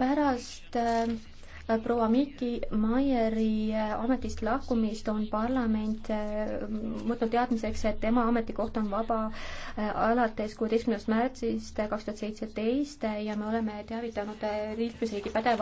pärast äh, proua Miki Maieri äh, ametist lahkumist on parlament äh, võtnud teadmiseks, et tema ametikoht on vaba alates kuueteistkümnendast märtsist kaks tuhat seitseteist ja me oleme teavitanud liikmesriigi pädeva